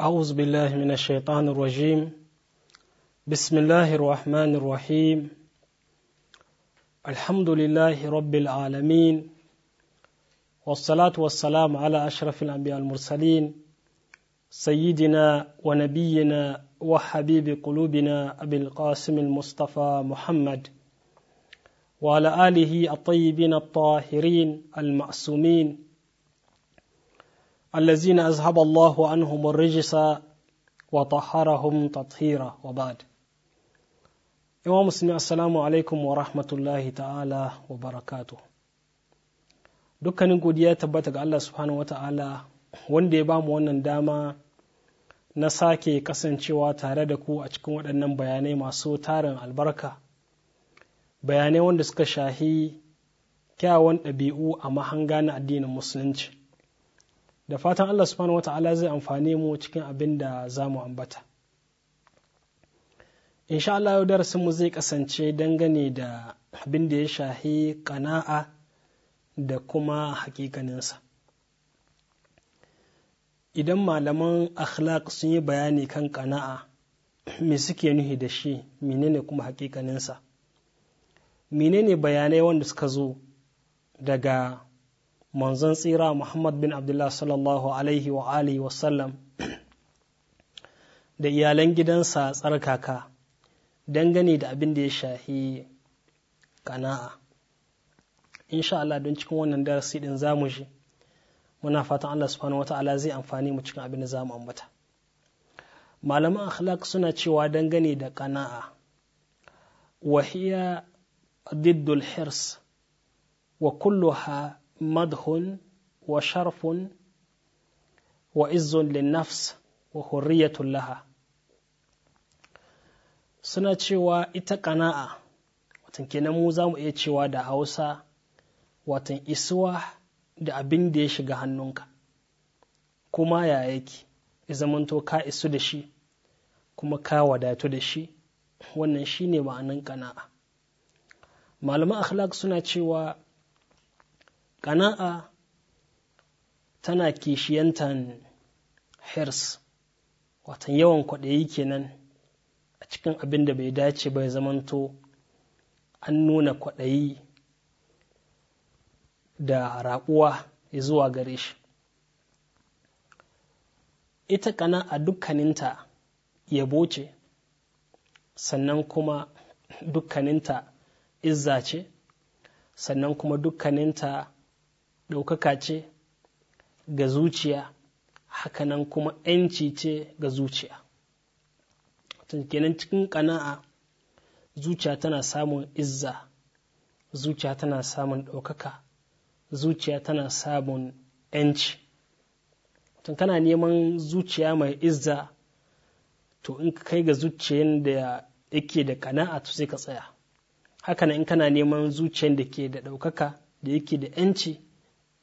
أعوذ بالله من الشيطان الرجيم بسم الله الرحمن الرحيم الحمد لله رب العالمين والصلاة والسلام على أشرف الأنبياء المرسلين سيدنا ونبينا وحبيب قلوبنا أبي القاسم المصطفى محمد وعلى آله الطيبين الطاهرين المعصومين allazina azhaba Allahu anhum ar-rijsa wa tahharahum tathira wa ba'd yawa musulmi asalamu alaikum wa ta'ala wa barakatu dukkanin godiya tabbata ga Allah subhanahu wa ta'ala wanda ya bamu wannan dama na sake kasancewa tare da ku a cikin waɗannan bayanai masu tarin albarka bayanai wanda suka shahi kyawun ɗabi'u a mahanga na addinin musulunci da fatan Allah subhanahu wata'ala zai amfane mu cikin abin da za mu ambata insha Allah yau darasin mu zai kasance dangane da abin da ya shahi kana'a da kuma hakikaninsa idan malaman akhlaq sun yi bayani kan kana'a me suke nuhi da shi menene kuma hakikaninsa menene bayanai wanda suka zo daga manzon tsira Muhammad bin Abdullah sallallahu alaihi wa alihi wasallam da iyalan gidansa tsarkaka dangane da abin da ya shahi kana'a insha Allah don cikin wannan darasi din zamu ji muna fatan Allah subhanahu ta'ala zai amfani mu cikin abin da zamu ambata malaman akhlaq suna cewa dangane da kana'a wahiya diddul hirs wa kulluha wa Sharfun wa وشرف وعز wa وحرية laha suna cewa ita ƙana'a, watan kenan mu za mu iya cewa da hausa watan isuwa da abin da ya shiga hannunka kuma ya yake ya zamanto ka isu da shi kuma ka wadatu da shi wannan shine ma'anin ƙana'a, malaman akhlaq suna cewa ƙana'a tana kishiyantan hirs watan yawan kwaɗayi kenan a cikin abin da bai dace bai zamanto an nuna kwaɗayi da raƙuwa zuwa gare shi ita ƙana'a dukkaninta yabo ce sannan kuma dukkaninta izza ce sannan kuma dukkaninta ɗaukaka ce ga zuciya hakanan kuma ‘yanci ce ga zuciya kenan cikin ƙana'a zuciya tana samun izza zuciya tana samun ɗaukaka zuciya tana samun ‘yanci tun kana neman zuciya mai izza to in ka kai ga zuciyan da yake da ƙana'a to sai ka tsaya hakanan in kana neman zuciyan da ke da ɗaukaka da yake da ‘yanci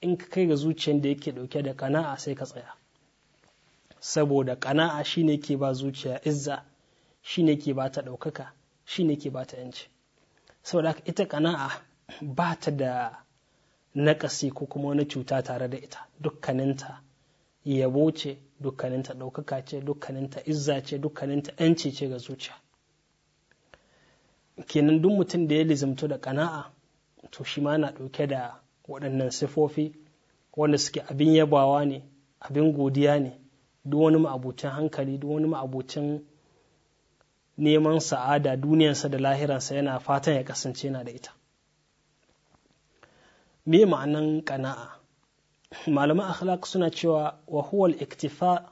in ka kai ga zuciyar da yake dauke da kana'a sai ka tsaya saboda kana'a shine ke ba zuciya izza shine ke ba ta ɗaukaka shine ke ba ta yanci saboda ita kana'a ba ta da naƙasi ko kuma wani cuta tare da ita dukkaninta yabo ce dukkaninta ɗaukaka ce dukkaninta izza ce dukkaninta yanci ce ga zuciya kenan duk mutum da ya lizimto da kana'a to shi ma na ɗauke da waɗannan sifofi wanda suke abin yabawa ne abin godiya ne duk wani ma'abucin hankali duk wani ma'abucin neman sa'ada duniyarsa da lahiransa yana fatan ya kasance yana da ita me ma'anan kana'a malaman akhlaq suna cewa wa huwal iktifa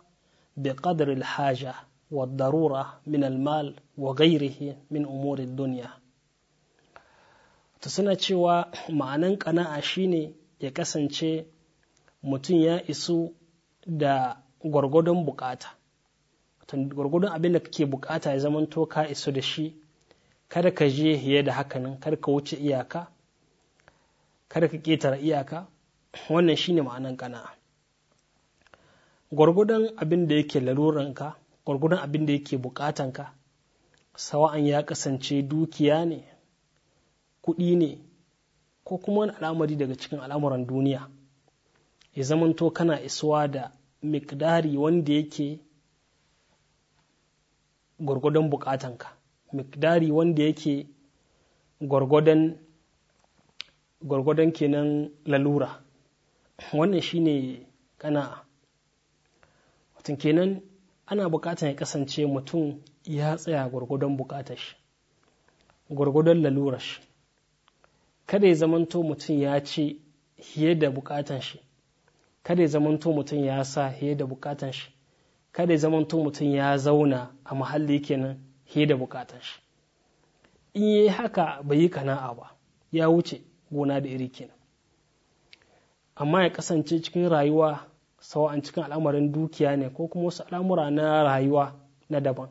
bi qadri al-haja wa darura min al-mal wa ghayrihi min umuri duniya. dunya ta suna cewa ma'anan ƙana'a shine ya kasance mutum ya isu da gwargwadon bukata gwargwadon abin da kake bukata ya zama to ka isu da shi kada ka je hiye da hakanan kada ka wuce iyaka kada ka ƙetare iyaka wannan shine ma'anan ƙana'a gwargwadon abin da yake laruranka gwargwadon abin da yake bukatanka sawa'an ya kasance dukiya ne kuɗi ne ko kuma wani al'amari daga cikin al'amuran duniya ya zamanto kana isuwa da mikdari wanda yake gwargwadon bukatanka mikdari wanda yake gwargwadon gwargwadon kenan lalura wannan shine kana watan kenan ana bukatan ya kasance mutum ya tsaya gwargwadon bukatar shi gwargwadon lalurar shi kada ya zamanto mutum ya ci fiye da bukatan shi kada ya zamanto mutum ya sa fiye da bukatan shi kada ya zamanto mutum ya zauna a muhalli kenan fiye da bukatan shi in yi haka bai yi kana'a ba ya wuce gona da iri kenan amma ya kasance cikin rayuwa sau'an cikin al'amarin dukiya ne ko kuma wasu al'amura na rayuwa na daban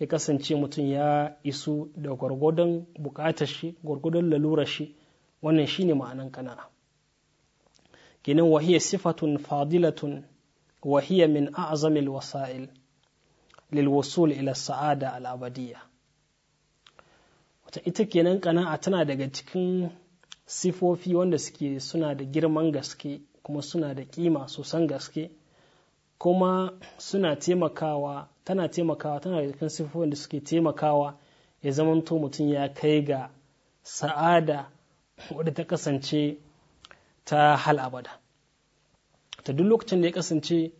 ya kasance mutum ya isu da gwargwadon bukatar shi gwargwadon lalurar shi wannan shine ma'anan kana'a ginin wahiyar sifatun fadilatun wahiyar min a'zamil wasa'il lilwasul ila sa'ada al'abadiyya wata ita kenan kana'a tana daga cikin sifofi wanda suke suna da girman gaske kuma suna da kima sosan gaske kuma suna taimakawa tana taimakawa tana da kan siffofin da suke taimakawa ya zamanto mutum ya kai ga sa'ada wadda ta kasance ta hal abada ta duk lokacin da ya kasance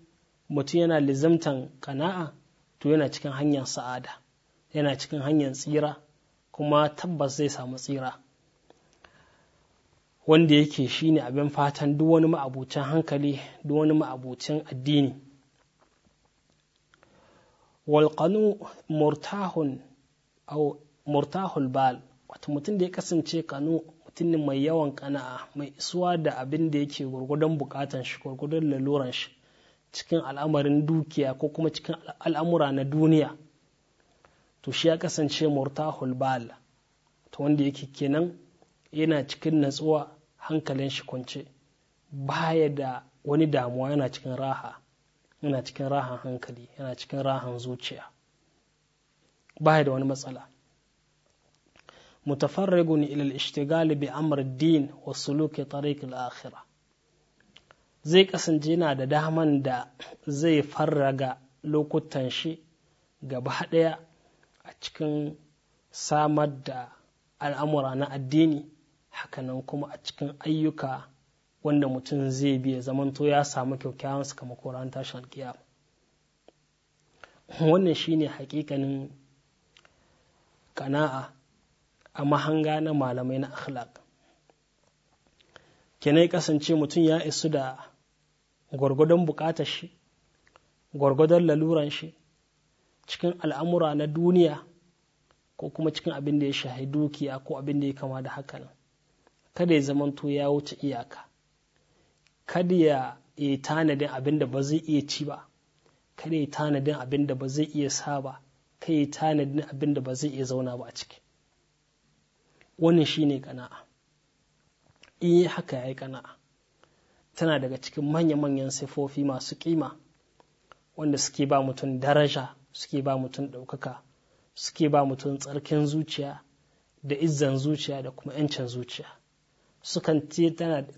mutum yana lizamtan kana'a to yana cikin hanyar sa'ada yana cikin hanyar tsira kuma tabbas zai samu tsira wanda yake shine abin fatan duk wani ma'abucin hankali duk wani ma'abucin addini walƙanu murtahun au murtahul bal wato mutum da ya kasance kanu mutum ne mai yawan kana'a mai isuwa da abin da yake gwargwadon bukatan shi gwargwadon laluran shi cikin al'amarin dukiya ko kuma cikin al'amura na duniya to shi ya kasance murtahul bal to wanda yake kenan yana cikin natsuwa hankalin shi kwance baya da wani damuwa yana cikin raha yana cikin rahan hankali yana cikin rahan zuciya baya da wani matsala mutafarrigun ila al-ishtigal bi amr din wa suluki tariq al zai kasance yana da daman da zai farraga lokutan shi gaba daya a cikin samar da al'amura na addini hakanan kuma a cikin ayyuka wanda mutum zai bi ya zamanto ya samu su kama koran tashin alkiyama wannan shine hakikanin kana'a a mahanga na malamai na akhlaq kenai kasance mutum ya isu da gwargwadon bukatar shi gwargwadon laluran shi cikin al'amura na duniya ko kuma cikin abin da ya shahi dukiya ko abin da ya kama da hakan kada ya zamanto ya wuce iyaka kada ya yi tanadin abin da ba zai iya ci ba kada ya tanadin abin da ba zai iya sa ba ka ya tanadin abin da ba zai iya zauna ba a ciki wannan shine kana'a in eh, yi haka ya yi kana'a tana daga cikin manya-manyan sifofi masu kima wanda suke ba mutum daraja suke ba mutum ɗaukaka suke ba mutum tsarkin zuciya da izzan zuciya da kuma 'yancin zuciya sukan ce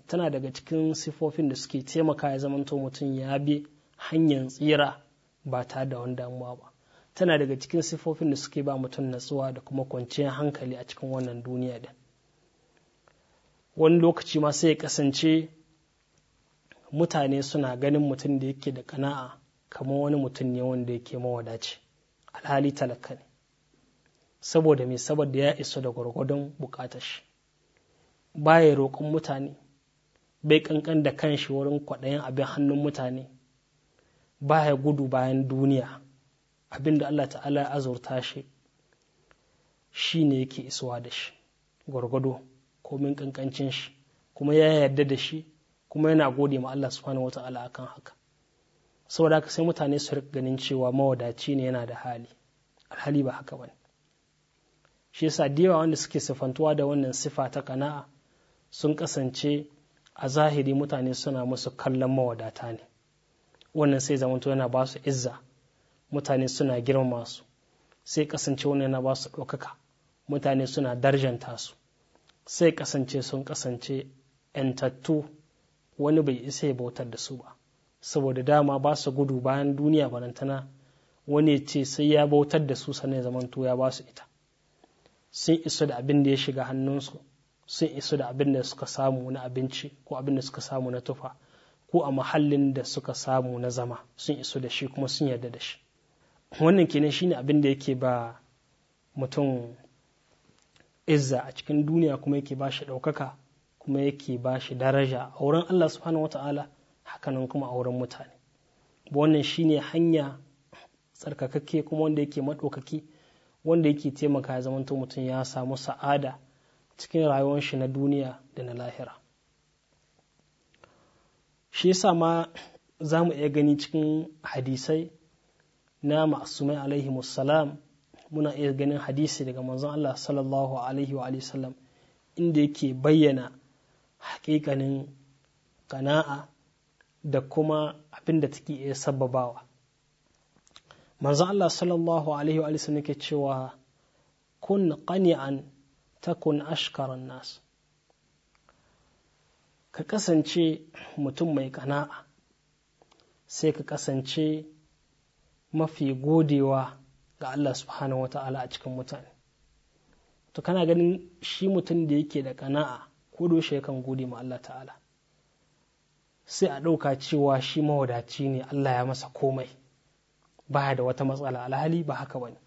tana daga cikin sifofin da suke taimaka ya zamanto mutum ya bi hanyar tsira ba ta da wani damuwa ba tana daga cikin sifofin da suke ba mutum natsuwa da kuma kwanciyar hankali a cikin wannan duniya din wani lokaci ma sai ya kasance mutane suna ganin mutum da yake da kana'a kamar wani mutum ne wanda yake mawadaci alhali talaka ne saboda mai saboda ya iso da gwargwadon bukatar shi baya roƙon mutane bai ƙanƙan da kanshi wurin kwaɗayin abin hannun mutane baya gudu bayan duniya abin da Allah ta'ala ya azurta shi shi ne yake isuwa da shi gwargwado komin ƙanƙancin shi kuma ya yarda da shi kuma yana gode ma Allah subhanahu Ta'ala akan haka saboda haka sai mutane su rika ganin cewa mawadaci ne yana da hali alhali ba haka bane shi yasa da yawa wanda suke sifantuwa da wannan sifa ta kana'a sun kasance a zahiri mutane suna musu kallon mawadata ne wannan sai zamanto yana ba su izza mutane suna girmama su sai kasance wannan yana ba su ɗaukaka mutane suna darjanta su sai kasance sun kasance ‘yantattu wani bai isa ya bautar da su ba saboda dama ba su gudu bayan duniya barantana wani ce sai ya bautar da su sannan zamanto ya ba su ita sun iso da abin da ya shiga hannunsu sun isu da abin da suka samu na abinci ko abin da suka samu na tufa ko a mahallin da suka samu na zama sun isu da shi kuma sun yarda da shi wannan kenan shine abin da yake ba mutum izza a cikin duniya kuma yake ba shi ɗaukaka kuma yake ba shi daraja a wurin Allah subhanahu wata'ala hakanan kuma a wurin mutane wannan shine hanya tsarkakakke kuma wanda yake maɗaukaki wanda yake taimaka ya zamanto mutum ya samu sa'ada cikin rayuwar shi na duniya da na lahira shi yasa ma za mu iya gani cikin hadisai na ma'asumai alaihi musallam muna iya ganin hadisi daga manzon Allah sallallahu alaihi wa sallam inda yake bayyana hakikanin kana'a da kuma abin da take iya sababawa manzon Allah sallallahu alaihi wa sallam yake cewa kun qani'an takun ashkaran nas ka kasance mutum mai kana'a sai ka kasance mafi godewa ga Allah subhanahu wata'ala a cikin mutane to kana ganin shi mutum da yake da kana'a ko doshe yakan gode ma Allah ta'ala sai a ɗauka cewa shi mawadaci ne Allah ya masa komai baya da wata matsala alhali ba haka bane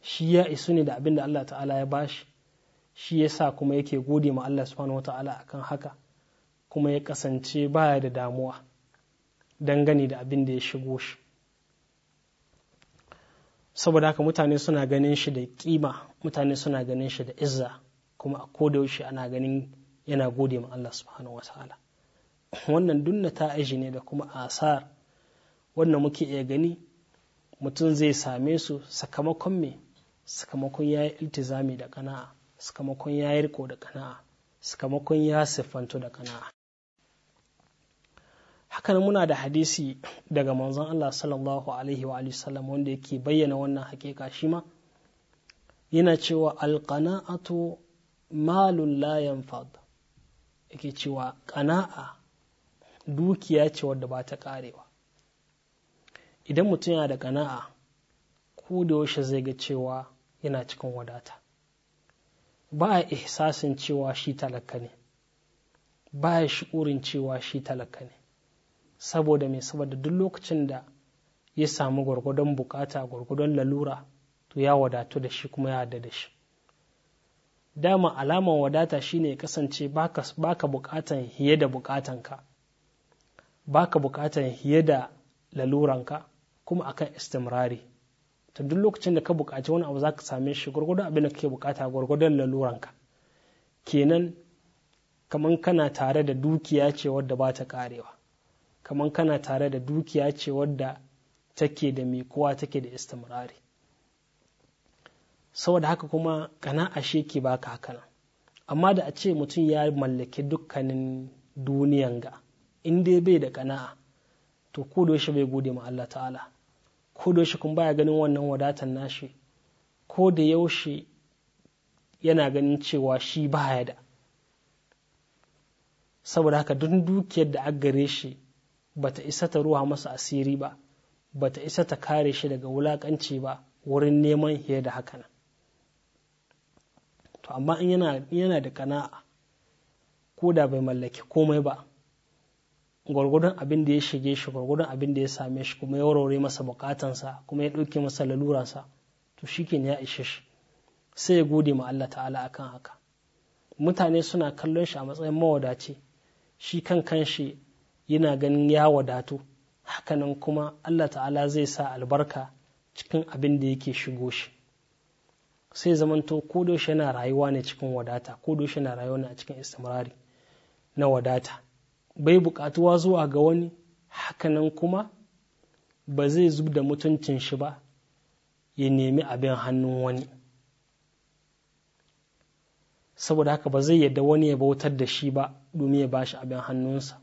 shi ya isu ne da abin da Allah ta'ala ya bashi shi yasa kuma yake gode ma Allah subhanahu wata'ala akan haka kuma ya kasance baya da damuwa gani da abin da ya shigo shi saboda haka mutane suna ganin shi da kima mutane suna ganin shi da izza kuma a koda yaushe ana ganin yana gode ma Allah subhanahu wata'ala wannan dunna ta aji ne da kuma asar wannan muke iya gani mutum zai same su sakamakon me sakamakon ya yi iltizami da kana'a sakamakon ya yi riko da kana'a sakamakon ya siffanto da kana'a hakan muna da hadisi daga manzon Allah sallallahu alaihi wa sallam wanda yake bayyana wannan hakika shi ma yana cewa alqana'atu malun la yanfad yake cewa qana'a dukiya ce wadda ba ta karewa idan mutum yana da qana'a ko da yaushe zai ga cewa yana cikin wadata ba a ihsasin cewa shi talaka ne ba ya shi cewa shi talaka ne saboda mai saboda duk lokacin da ya samu gwargwadon bukata gwargwadon lalura to ya wadatu da shi kuma ya hada da shi dama alaman wadata shine ya kasance baka bukatan hiye da bukatanka baka bukatan hiye da laluranka kuma akan istimrari to duk lokacin da ka buƙaci wani abu za ka same shi gwargwado abin da kake buƙata gwargwadon laluranka kenan kamar kana tare da dukiya ce wadda ba ta karewa kamar kana tare da dukiya ce wadda take da mai kowa take da istimrari saboda haka kuma ƙana'a sheki ke ka haka nan amma da a ce mutum ya mallaki dukkanin duniyan ga in dai bai da kana'a to ko da bai gode ma Allah ta'ala ko da yaushe kun baya ganin wannan wadatan nashi ko da yaushe yana ganin cewa shi baya da saboda haka duk dukiyar da aka gare shi ta isa ta ruwa masa asiri ba ta isa ta kare shi daga wulakanci ba wurin neman hiyar da hakanan to amma in yana da kana'a ko da bai mallaki komai ba gwargwadon abin da ya shige shi gwargwadon abin da ya same shi kuma ya warware masa bukatansa kuma ya ɗauke masa lalurarsa to shikenan ya ishe shi sai ya gode ma Allah ta'ala akan haka mutane suna kallon shi a matsayin mawadaci shi kan kan shi yana ganin ya wadatu hakanan kuma Allah ta'ala zai sa albarka cikin abin da yake shigo shi sai zamanto ko yana rayuwa ne cikin wadata ko yana rayuwa ne a cikin istimrari na wadata bai buƙatuwa zuwa ga wani hakanan kuma ba zai zub da mutuncin shi ba ya nemi abin hannun wani saboda haka ba zai yadda wani ya bautar da shi ba domin ya ba shi abin hannunsa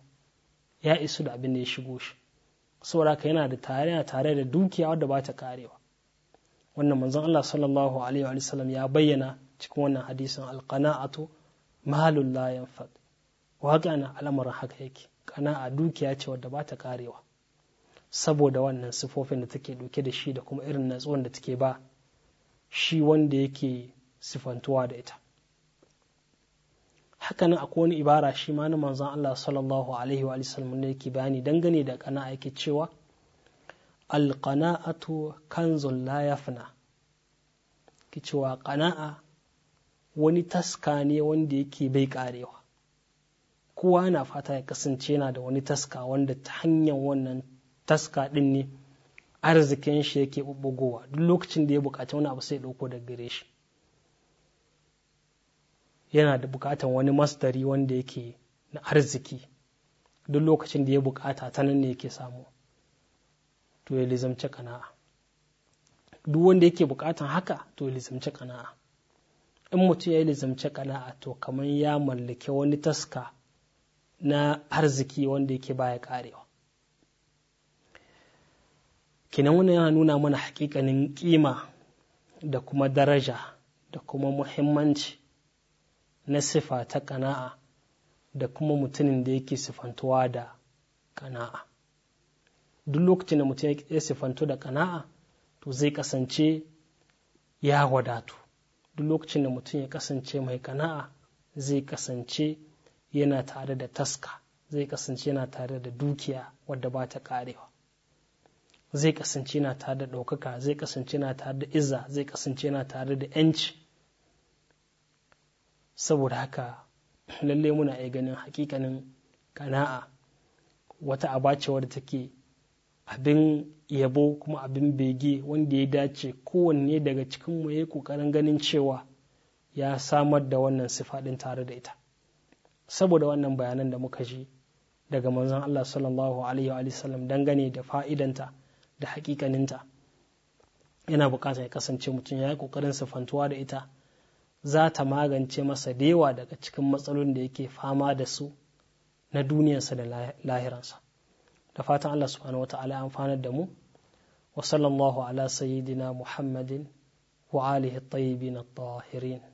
ya isu da abin da ya shigo shi saboda haka yana da tare yana tare da dukiya wadda ba ta karewa wannan manzon Allah sallallahu alaihi wa sallam ya bayyana cikin wannan hadisin alqana'atu malul la yanfad waƙa na al'amarin haka yake ƙana'a dukiya ce wadda ba ta karewa saboda wannan sifofin da take ɗauke da shi da kuma irin natsuwan da take ba shi wanda yake sifantuwa da ita hakanan akwai wani ibara shi ma na manzon Allah sallallahu alaihi wa sallam ne yake bayani dangane da ƙana'a yake cewa alƙana'atu kanzun la yafna ki cewa ƙana'a wani taska ne wanda yake bai karewa kowa na fata ya kasance yana da wani taska wanda ta hanyar wannan taska din ne arzikin shi yake bubbugowa duk lokacin da ya bukaci wani abu sai dauko daga gare shi yana da bukatan wani mastari wanda yake na arziki duk lokacin da ya bukata ta nan ne yake samu to ya lizamce kana'a duk wanda yake bukatan haka to ya lizamce kana'a in mutum ya lizamce kana'a to kamar ya mallake wani taska na arziki wanda yake baya karewa kinan wannan yana nuna mana hakikanin kima da kuma daraja da kuma muhimmanci na sifa ta kana'a da kuma mutumin da yake sifantuwa da kana'a duk lokacin da mutum ya sifantu da kana'a to zai kasance ya wadatu duk lokacin da mutum ya kasance mai kana'a zai kasance yana tare da taska zai kasance yana tare da dukiya wadda ba ta karewa zai kasance yana tare da ɗaukaka zai kasance yana tare da izza zai kasance yana tare da yanci saboda haka lalle muna iya ganin hakikanin kana'a wata abacewa wadda take abin yabo kuma abin bege wanda ya dace kowanne daga cikin ya yi ƙoƙarin ganin cewa ya samar da wannan sifaɗin tare da ita saboda wannan bayanan da muka ji daga manzon Allah sallallahu alaihi wa sallam dangane da fa'idanta da hakikaninta yana bukatar ya kasance mutum ya yi kokarin sifantuwa da ita za ta magance masa dewa daga cikin matsalolin da yake fama da su na duniyarsa da lahiransa da fatan Allah subhanahu wata'ala ya amfanar da mu wa sallallahu ala sayyidina muhammadin wa alihi tayyibin at-tahirin